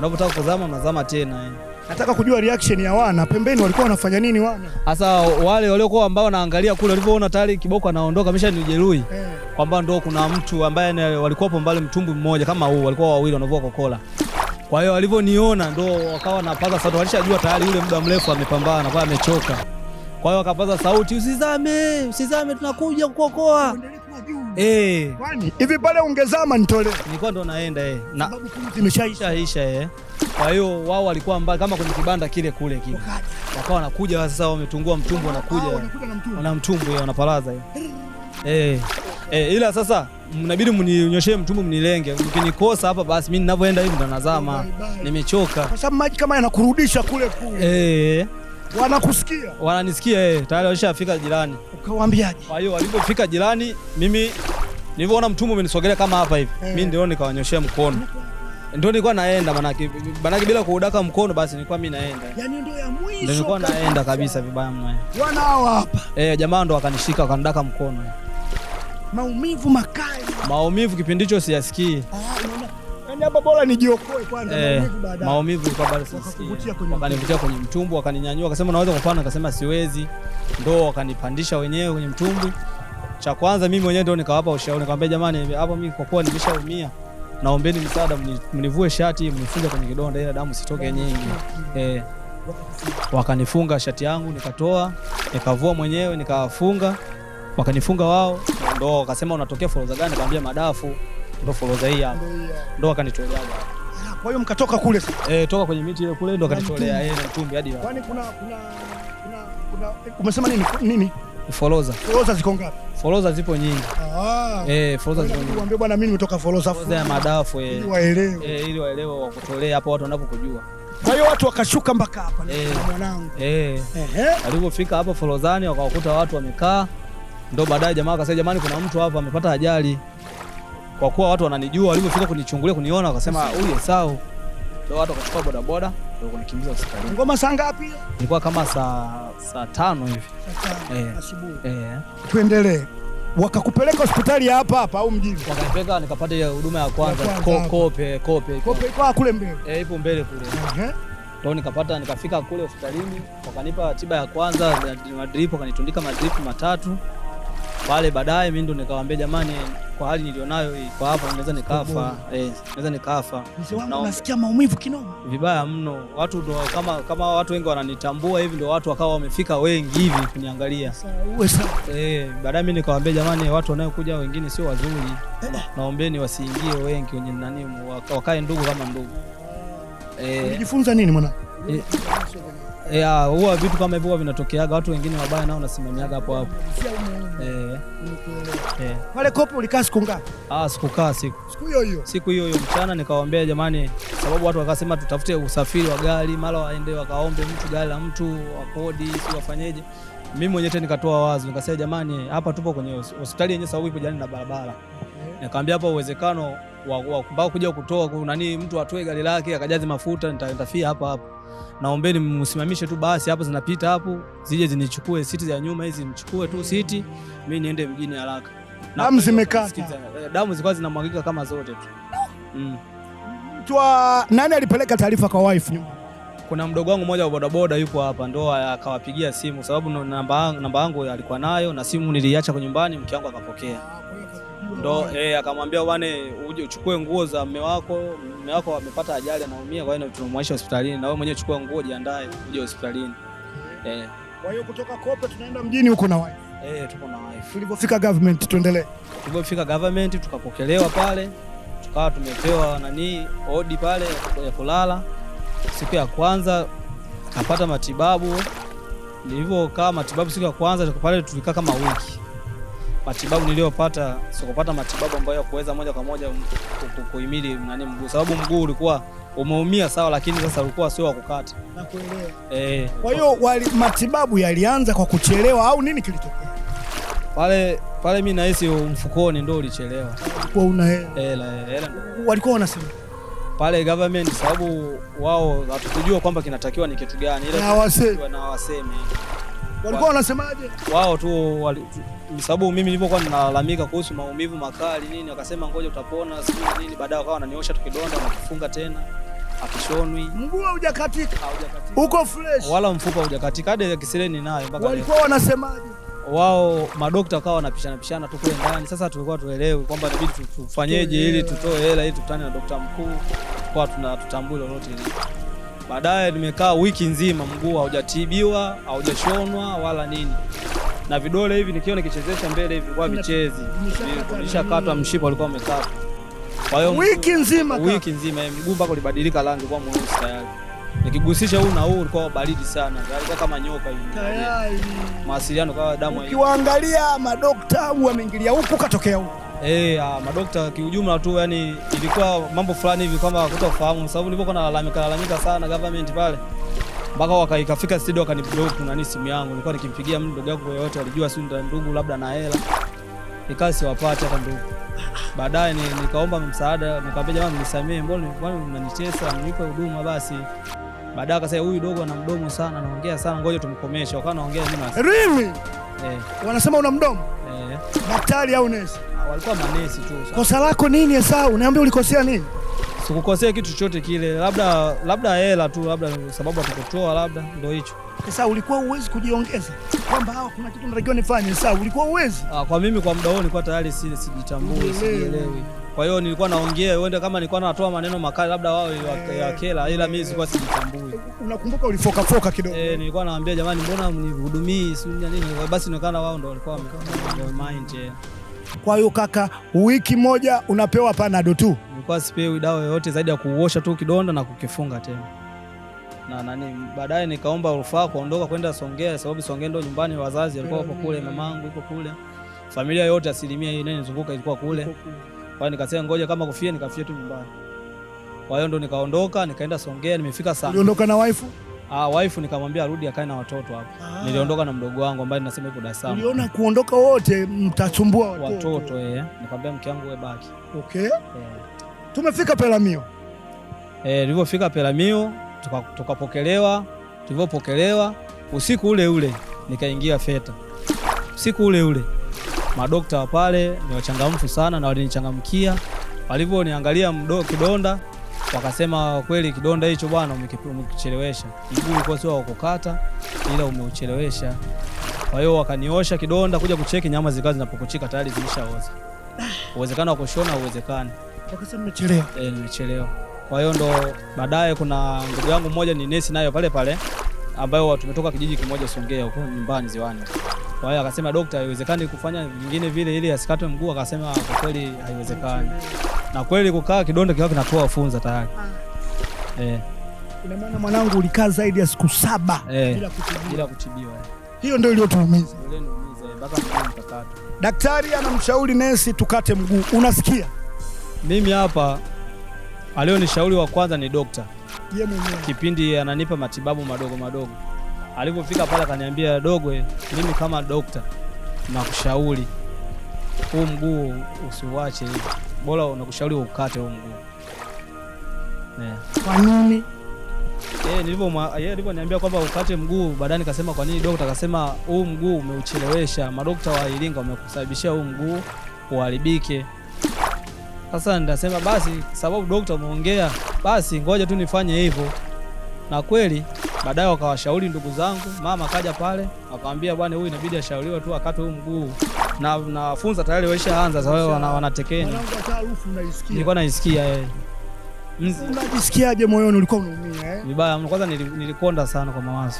unapotaka kuzama unazama tena eh. Nataka kujua reaction ya wana pembeni, walikuwa wanafanya nini wana? Sasa wale waliokuwa ambao wanaangalia kule, walivyoona tayari kiboko anaondoka, amesha nijeruhi eh, kwamba ndo kuna mtu ambaye hapo mbali, mtumbwi mmoja kama huu, walikuwa wawili wanavua kokola. Kwa hiyo walivyoniona ndo wakawa napaza sauti, walishajua tayari yule muda mrefu amepambana, kwa amechoka. Kwa hiyo wakapaza sauti, usizame, usizame, tunakuja kukuokoa. Eh, kwani hivi pale ungezama nitole. Nilikuwa ndo naenda eh, na imeshaisha isha eh. Kwa hiyo wao walikuwa mbali kama kwenye kibanda kile kule kile, wakawa wanakuja sasa, wametungua mtumbo, wanakuja ah, Wana mtumbo, eh, wanapalaza eh. eh eh, ila sasa mnabidi mninyoshe mtumbo mnilenge, mkinikosa hapa basi mimi ninavyoenda hivi ndo nazama, nimechoka kwa sababu maji kama yanakurudisha kule kule eh Wanakusikia? Wananisikia eh, tayari walishafika jirani. Ukawaambiaje? Kwa hiyo walipofika jirani, mimi nilivyoona mtumwa umenisogelea kama hapa hivi eh, mimi ndio nikawanyoshia mkono ndio nilikuwa naenda manake, manake bila kuudaka mkono basi nilikuwa mimi naenda. Yaani ndio ya mwisho. Ndio nilikuwa naenda kabisa vibaya mwe. Eh. Wana hao hapa. Eh, jamaa ndo akanishika akanidaka mkono. Maumivu makali. Maumivu kipindi hicho siyasikii. Ah, yani hapa bora nijiokoe kwanza eh, maumivu kwa bado sisikia. Wakanivutia kwenye mtumbwi, wakaninyanyua, akasema unaweza kupanda, akasema siwezi, ndo wakanipandisha wenyewe kwenye mtumbwi. Cha kwanza mimi mwenyewe ndo nikawapa ushauri, nikamwambia jamani, hapo mimi kwa kuwa nimeshaumia naombeni msaada, mnivue shati mnifunge kwenye kidonda ile damu sitoke nyingi. Eh, wakanifunga shati yangu nikatoa, nikavua mwenyewe nikawafunga, wakanifunga wao, ndo wakasema unatokea foroza gani? Nikamwambia madafu ndo foloza hii hapa ndo akanitolea hapa. Kwa hiyo mkatoka kule sasa? Eh, toka kwenye miti ile kule ndo akanitolea yeye na mtumbi hadi hapa. Kwani kuna kuna kuna umesema nini nini? Foloza. Foloza ziko ngapi? Foloza zipo nyingi. Ah. Eh, foloza zipo nyingi. Niambie bwana mimi nimetoka foloza foloza ya madafu eh. Ili waelewe. Eh, ili waelewe wakutolea hapo watu wanapokujua. Kwa hiyo watu wakashuka mpaka hapa na eh. mwanangu. Eh. Eh. Alipofika hapa forozani wakawakuta watu wamekaa. Ndio baadaye jamaa akasema jamani kuna mtu hapa amepata ajali kwa kuwa watu wananijua, walivyofika kunichungulia kuniona, wakasema huyu Esau, ndio watu wakachukua bodaboda ndio kunikimbiza hospitali. Ngoma saa ngapi? Ilikuwa kama saa saa tano hivi eh, asubuhi eh. Tuendelee. Wakakupeleka hospitali ya hapa hapa au mjini? Wakapeleka nikapata ile huduma ya kwanza kope kope kope, iko kule mbele eh, ipo mbele kule uh-huh. Ndio nikapata nikafika kule hospitalini, wakanipa tiba ya kwanza ya madripu, wakanitundika madripu matatu pale baadaye mimi ndo nikawaambia jamani, kwa hali nilionayo hii, kwa hapa naweza nikafa, eh, naweza nikafa. Nasikia maumivu kinoma vibaya mno. Watu ndo kama kama watu wengi wananitambua hivi, ndo watu wakawa wamefika wengi hivi kuniangalia. Eh, baadaye mimi nikawaambia jamani, watu wanaokuja wengine sio wazuri, eh. naombeni wasiingie wengi wenye nani, wakae ndugu kama ndugu. Eh, unajifunza nini mwana? Eh. Yeah, huwa vitu kama hivyo vinatokeaga, watu wengine wabaya nao nasimamiaga hapo hapo. Eh. Eh. Pale kopo ulikaa siku ngapi? Ah, sikukaa siku. Siku hiyo hiyo. Siku hiyo hiyo mchana nikawaambia jamani, sababu watu wakasema tutafute usafiri wa gari, mara waende wakaombe mtu gari la mtu wakodi, si wafanyeje. Mimi mwenyewe tena nikatoa wazo nikasema jamani, hapa tupo kwenye hospitali yenyewe sababu ipo jirani na barabara. Eh. Nikamwambia hapa uwezekano wa kuja kutoa kuna nini, mtu atoe gari lake akajaze mafuta nitafia hapa hapa naombeni msimamishe tu basi hapo zinapita hapo, zije zinichukue siti za nyuma hizi, nichukue tu siti mi niende mjini haraka. Damu zimekata, eh, damu zilikuwa zinamwagika kama zote tu mm. Twa nani alipeleka taarifa kwa wife? Kuna mdogo wangu mmoja wa bodaboda yuko hapa, ndo akawapigia simu, sababu namba yangu alikuwa nayo na simu niliacha kwa nyumbani, mke wangu akapokea ndo eh, akamwambia bwana, uje uchukue nguo za mme wako, mme wako amepata ajali anaumia, kwa hiyo tunamwaisha hospitalini, na wewe mwenyewe chukua nguo, jiandae uje hospitalini eh. Kwa hiyo kutoka Kope tunaenda mjini huko na wife. Eh, tuko na wife. Tulipofika government tuendelee. Tulipofika government tukapokelewa pale, tukawa tumepewa nani odi pale ya kulala. Siku ya kwanza kapata matibabu, nilivyokaa matibabu siku ya kwanza pale tulikaa kama wiki matibabu niliyopata sikupata matibabu ambayo kuweza moja kwa moja kuhimili nani mguu, sababu mguu ulikuwa umeumia sawa, lakini sasa ulikuwa sio wa kukata. Nakuelewa. Eh, kwa hiyo matibabu yalianza kwa kuchelewa au nini kilitokea pale? Pale mimi nahisi mfukoni ndio ulichelewa. Kwa una hela hela, walikuwa wanasema pale government, sababu wao hatukujua kwamba kinatakiwa ni kitu gani, ile na waseme walikuwa wanasemaje wao tu wali, sababu mimi nilipokuwa ninalalamika kuhusu maumivu makali nini, wakasema ngoja utapona sio nini, baadaye wakawa wananiosha tu kidonda na kufunga tena, akishonwi mguu haujakatika, uko fresh, wala mfupa haujakatika, hadi kisireni nayo mpaka walikuwa wanasemaje wao madokta wakawa wanapishana pishana tu kule ndani. Sasa tulikuwa tuelewe kwamba inabidi tufanyeje ili tutoe hela ili tukutane na daktari mkuu, kwa tuna tutambue lolote hili. Baadaye nimekaa wiki nzima, mguu haujatibiwa haujashonwa wala nini, na vidole hivi nikiwa nikichezesha mbele hivi kwa vichezi nishakatwa, mshipa ulikuwa umekata. Kwa hiyo wiki nzima wiki nzima eh, mguu mpaka ulibadilika rangi kwa mweusi tayari, nikigusisha huu na huu ulikuwa baridi sana, alikuwa kama nyoka hivi tayari, mawasiliano kwa damu. Ukiwaangalia madokta wameingilia huku, katokea huku Eh, ah, madokta kiujumla tu yani ilikuwa mambo fulani hivi kama kutofahamu sababu nilikuwa nalalamika lalamika sana government pale. Mpaka wakaikafika studio wakaniblock na ni simu yangu. Nilikuwa nikimpigia mtu ndugu yangu yote walijua si ndugu labda na hela. Nikaa siwapate hata ndugu. Baadaye nikaomba msaada, nikamwambia jamani, nisamee, mbona kwani mnanitesa, mnipe huduma basi. Baadaye akasema huyu dogo ana mdomo sana, anaongea sana, ngoja tumkomeshe. Wakawa naongea mimi na. Really? eh. Wanasema una mdomo eh. Daktari au nesi? Ah, walikuwa manesi tu. Kosa lako nini Esau? unaambia ulikosea nini? Sikukosea kitu chochote kile, labda labda hela tu, labda sababu atakutoa, labda ndio hicho. Sasa ulikuwa uwezi kujiongeza kwamba hawa kuna kitu natakiwa nifanye? Sasa ulikuwa uwezi? Ah, kwa mimi kwa muda huo nilikuwa tayari sijitambui, sijielewi. Kwa hiyo nilikuwa naongea uende, kama nilikuwa natoa maneno makali labda wao ya, kela, ila mimi sikuwa sijitambui. Unakumbuka ulifoka foka kidogo? Eh, nilikuwa naambia jamani, mbona mnihudumii si nini? Basi inaonekana wao ndio walikuwa wame mind. Eh. Kwa hiyo kaka, wiki moja unapewa panado tu? Nilikuwa sipewi dawa yoyote zaidi ya kuosha tu kidonda na kukifunga tena na nani. Baadaye nikaomba rufaa kuondoka kwenda Songea, sababu Songea ndio nyumbani, wazazi walikuwa hapo kule, mamangu yuko kule, familia yote asilimia nene nizunguka ilikuwa kule. Kwa hiyo nikasema ngoja kama kufia nikafia tu nyumbani. Kwa hiyo ndo nikaondoka nikaenda Songea, nimefika sana. Uliondoka na waifu? Ah, waifu nikamwambia arudi akae na watoto hapo. Ah. Niliondoka na mdogo wangu ambaye ninasema yuko Dar es Salaam. Uliona kuondoka wote mtasumbua watoto. Watoto eh. Nikamwambia mke wangu wewe baki. Okay. Eh. Tumefika Pelamio. Eh, tulivyofika Pelamio tukapokelewa, tuka tulivyopokelewa usiku ule ule nikaingia Feta. Usiku ule ule madokta wa pale ni wachangamfu sana na walinichangamkia. Walivyoniangalia kidonda, wakasema kweli kidonda hicho bwana, umekichelewesha mguu, ulikuwa sio wa kukata, ila umeuchelewesha. Kwa hiyo wakaniosha kidonda, kuja kucheki nyama zikawa zinapokuchika tayari zimeshaoza uwezekano wa kushona uwezekani. Wakasema umechelewa Eh, nimechelewa. Kwa hiyo ndo baadaye, kuna ndugu yangu mmoja ni nesi nayo pale pale, ambayo tumetoka kijiji kimoja Songea huko nyumbani Ziwani kwa hiyo akasema dokta, haiwezekani kufanya vingine vile ili asikatwe mguu. Akasema ah, kwa kweli haiwezekani, na kweli kukaa kidonda kiwa kinatoa funza tayari ah. eh. Ina maana mwanangu ulikaa zaidi ya siku saba eh. bila kutibiwa. Kutibiwa eh. hiyo ndio iliyotuumiza eh, daktari anamshauri nesi tukate mguu, unasikia? Mimi hapa alionishauri wa kwanza ni dokta, yeye mwenyewe kipindi ananipa matibabu madogo madogo Alipofika pale akaniambia, dogwe, mimi kama dokta nakushauri huu mguu usiuache, bora nakushauri ukate huu mguu. Eh. Kwa nini? Eh, Yeye eh, alivyoniambia kwamba ukate mguu, baadaye nikasema kwa nini dokta? Akasema huu mguu umeuchelewesha, madokta wa Iringa wamekusababishia huu mguu uharibike. Sasa ndasema basi, sababu dokta umeongea, basi ngoja tu nifanye hivyo, na kweli Baadaye wakawashauri ndugu zangu, mama akaja pale akamwambia, bwana, huyu inabidi ashauriwe tu akate huu mguu, na nafunza tayari waishaanza sasa, wana wanatekeni. Nilikuwa naisikia yeye. Eh. Mm. Unajisikiaje moyoni? Ulikuwa unaumia eh? Vibaya kwanza nilikonda sana kwa mawazo.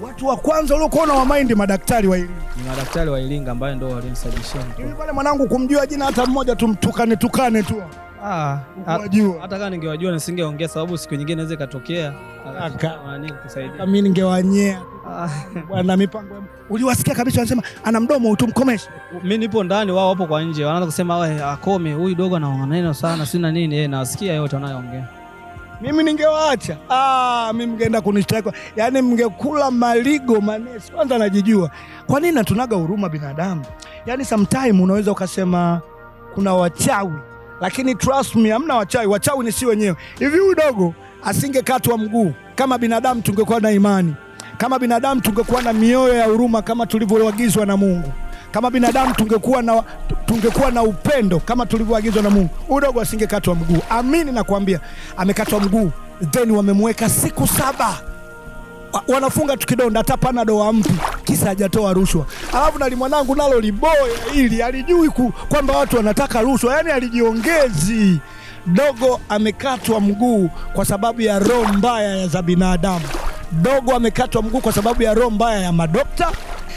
Watu wa kwanza waliokuona wa mind madaktari wa Iringa. Ni madaktari wa Iringa ambaye ndio walinisajishia. Yule pale mwanangu kumjua jina hata mmoja tumtukane tukane tu. Ah, ah, hata kama ningewajua nisingeongea, sababu siku nyingine inaweza ikatokea ah, kusaidia. Mimi ningewanyea bwana, mipango uliwasikia kabisa, wanasema ana mdomo utumkomeshe. Mimi nipo ndani, wao wapo kwa nje, wanaanza kusema akome huyu dogo anaongea neno sana, sina nini. Yeye eh, nawasikia yote wanayoongea mimi ningewaacha. Ah, mimi mngeenda kunishtaki, yaani mngekula maligo manesi. Kwanza najijua kwa nini natunaga huruma binadamu, yaani sometime unaweza ukasema kuna wachawi lakini trust me, hamna wachawi. Wachawi ni si wenyewe. Hivi udogo asingekatwa mguu, kama binadamu tungekuwa na imani, kama binadamu tungekuwa na mioyo ya huruma kama tulivyoagizwa na Mungu, kama binadamu tungekuwa na, tungekuwa na upendo kama tulivyoagizwa na Mungu, udogo asingekatwa mguu. Amini nakwambia, amekatwa mguu, then wamemweka siku saba wanafunga tukidonda hata panado mpi kisa hajatoa rushwa. Alafu nali mwanangu nalo liboya ili alijui kwamba watu wanataka rushwa, yani alijiongezi. Dogo amekatwa mguu kwa sababu ya roho mbaya za binadamu. Dogo amekatwa mguu kwa sababu ya roho mbaya ya madokta.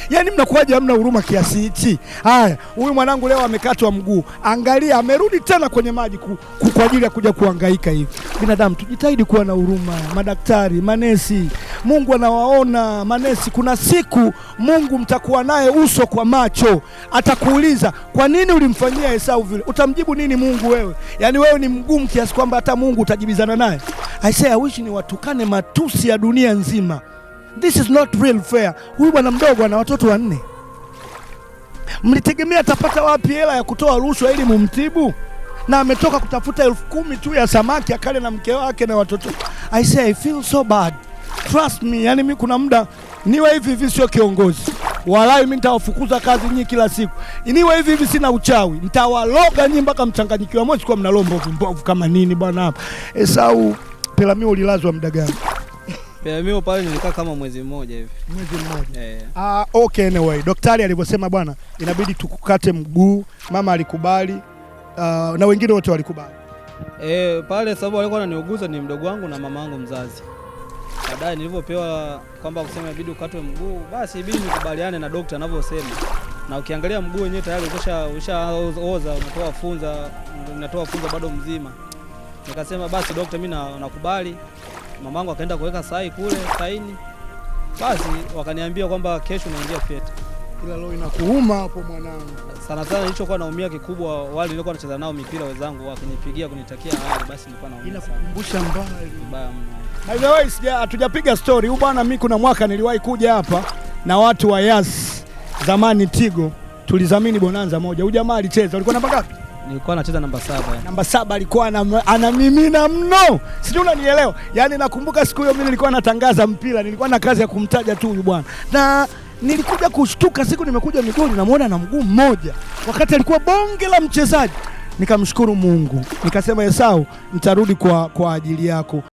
Yaani mnakuwaje hamna huruma kiasi hichi? Haya, huyu mwanangu leo amekatwa mguu, angalia amerudi tena kwenye maji ku, ku, kwa ajili ya kuja kuhangaika hivi. Binadamu tujitahidi kuwa na huruma, madaktari, manesi. Mungu anawaona manesi. Kuna siku Mungu mtakuwa naye uso kwa macho, atakuuliza kwa nini ulimfanyia Esau vile. Utamjibu nini Mungu wewe? Yaani wewe ni mgumu kiasi kwamba hata Mungu utajibizana naye. I say I wish ni watukane matusi ya dunia nzima. This is not real fair. Huyu bwana mdogo ana watoto wanne. Mlitegemea atapata wapi hela ya kutoa rushwa ili mumtibu? Na ametoka kutafuta elfu kumi tu ya samaki akale na mke wake na watoto. I say I feel so bad. Trust me, yani mi kuna muda niwe hivi hivi, sio kiongozi walai, mi nitawafukuza kazi nyinyi kila siku. Niwe hivi hivi, sina uchawi, nitawaloga nyinyi mpaka mchanganyikiwa. Msikuwa mnalombo mbovu kama nini bwana hapa. Esau Pelamio, ulilazwa muda gani? Pia eh, pale nilikaa kama mwezi mmoja hivi. Mwezi mmoja. Eh. Ah, okay anyway. Daktari alivyosema bwana, inabidi tukukate mguu. Mama alikubali. Uh, na wengine wote walikubali. Eh, pale sababu walikuwa wananiuguza ni mdogo wangu na mama yangu mzazi. Baadaye nilivyopewa kwamba kusema inabidi ukatwe mguu, basi ibidi nikubaliane na daktari anavyosema. Na ukiangalia mguu wenyewe tayari ukisha ushaoza unatoa funza, unatoa funza bado mzima. Nikasema basi daktari, mimi nakubali mamangu akaenda kuweka sahi kule saini, basi wakaniambia kwamba kesho naingia FETA. Ila leo inakuuma hapo mwanangu. Sana sana nilichokuwa naumia kikubwa, wale nilikuwa nacheza nao mipira wenzangu wakinipigia kunitakia hali, basi nilikuwa naumia. Inakukumbusha mbali. Mbaya mno. Sija hatujapiga story. Huyu bwana mimi kuna mwaka niliwahi kuja hapa na watu wa Yas zamani Tigo tulizamini bonanza moja. Huyu jamaa alicheza. alikuwa namba ngapi? nilikuwa nacheza namba saba. Namba saba alikuwa anamimina mno, sijui unanielewa. Yaani nakumbuka siku hiyo mimi nilikuwa natangaza mpira, nilikuwa na kazi ya kumtaja tu huyu bwana, na nilikuja kushtuka siku nimekuja miguu, namwona na mguu mmoja, wakati alikuwa bonge la mchezaji. Nikamshukuru Mungu, nikasema Esau, nitarudi kwa, kwa ajili yako.